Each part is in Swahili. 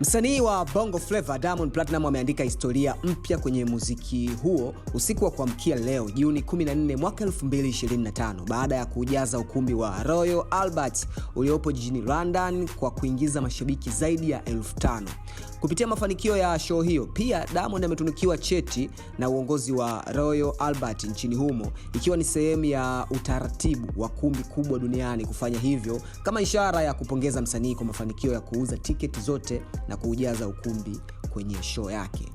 Msanii wa Bongo Flava Diamond Platinum ameandika historia mpya kwenye muziki huo usiku wa kuamkia leo Juni 14 mwaka 2025 baada ya kujaza ukumbi wa Royal Albert uliopo jijini London kwa kuingiza mashabiki zaidi ya elfu tano. Kupitia mafanikio ya show hiyo, pia Diamond ametunukiwa cheti na uongozi wa Royal Albert nchini humo, ikiwa ni sehemu ya utaratibu wa kumbi kubwa duniani kufanya hivyo kama ishara ya kupongeza msanii kwa mafanikio ya kuuza tiketi zote na kuujaza ukumbi kwenye show yake.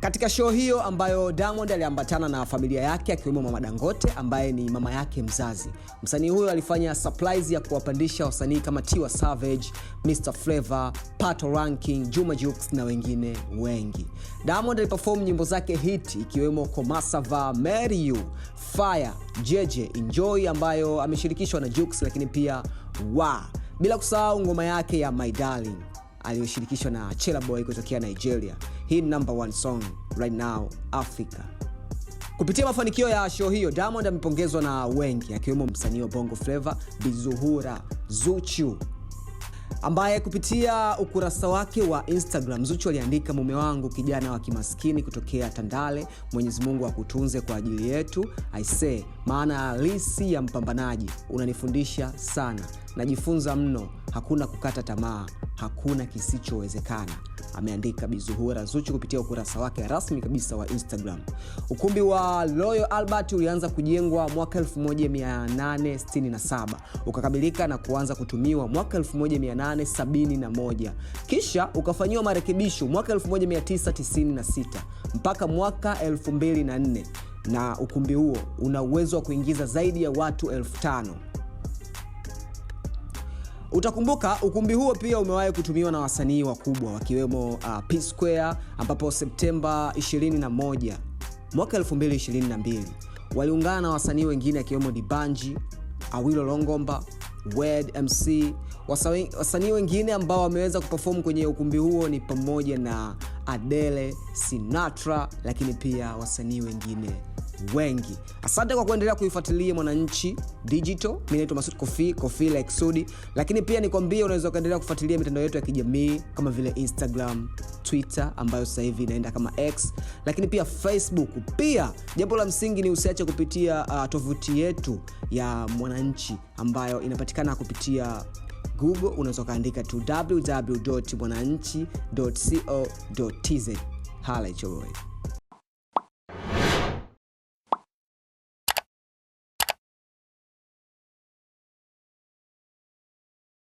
Katika show hiyo ambayo Diamond aliambatana na familia yake akiwemo Mama Dangote ambaye ni mama yake mzazi, msanii huyo alifanya surprise ya kuwapandisha wasanii kama Tiwa Savage, Mr Flavor, Pato Ranking, Juma Jux na wengine wengi. Diamond aliperform nyimbo zake hiti ikiwemo Komasava, Marry You, Fire, Jeje, Enjoy ambayo ameshirikishwa na Jux, lakini pia wa bila kusahau ngoma yake ya My Darling aliyoshirikishwa na boy kutokea Nigeria. Hii ni number one song right now Africa. Kupitia mafanikio ya show hiyo, Diamond amepongezwa na wengi akiwemo msanii wa Bongo Flava Bizuhura Zuchu ambaye kupitia ukurasa wake wa Instagram Zuchu aliandika, mume wangu kijana wa kimaskini kutokea Tandale, Mwenyezi Mungu akutunze kwa ajili yetu aise maana halisi ya mpambanaji, unanifundisha sana, najifunza mno, hakuna kukata tamaa hakuna kisichowezekana, ameandika Bizuhura Zuchu kupitia ukurasa wake rasmi kabisa wa Instagram. Ukumbi wa loyo Albert ulianza kujengwa mwaka 1867 ukakamilika na kuanza kutumiwa mwaka 1871, kisha ukafanyiwa marekebisho mwaka 1996 mpaka mwaka 2004 na ukumbi huo una uwezo wa kuingiza zaidi ya watu elfu tano. Utakumbuka ukumbi huo pia umewahi kutumiwa na wasanii wakubwa wakiwemo uh, P Square ambapo Septemba 21 mwaka 2022 waliungana na wasanii wengine akiwemo Dibanji, Awilo Longomba, Wed MC. Wasanii wengine ambao wameweza kuperform kwenye ukumbi huo ni pamoja na Adele, Sinatra, lakini pia wasanii wengine wengi. Asante kwa kuendelea kuifuatilia Mwananchi Digital. Mimi naitwa Masud Kofi, Kofi la Sudi, lakini pia nikwambie unaweza ukaendelea kufuatilia mitandao yetu ya kijamii kama vile Instagram, Twitter ambayo sasa hivi inaenda kama X, lakini pia Facebook. Pia jambo la msingi ni usiache kupitia uh, tovuti yetu ya Mwananchi ambayo inapatikana kupitia Google, unaweza ukaandika tu www.mwananchi.co.tz. Hala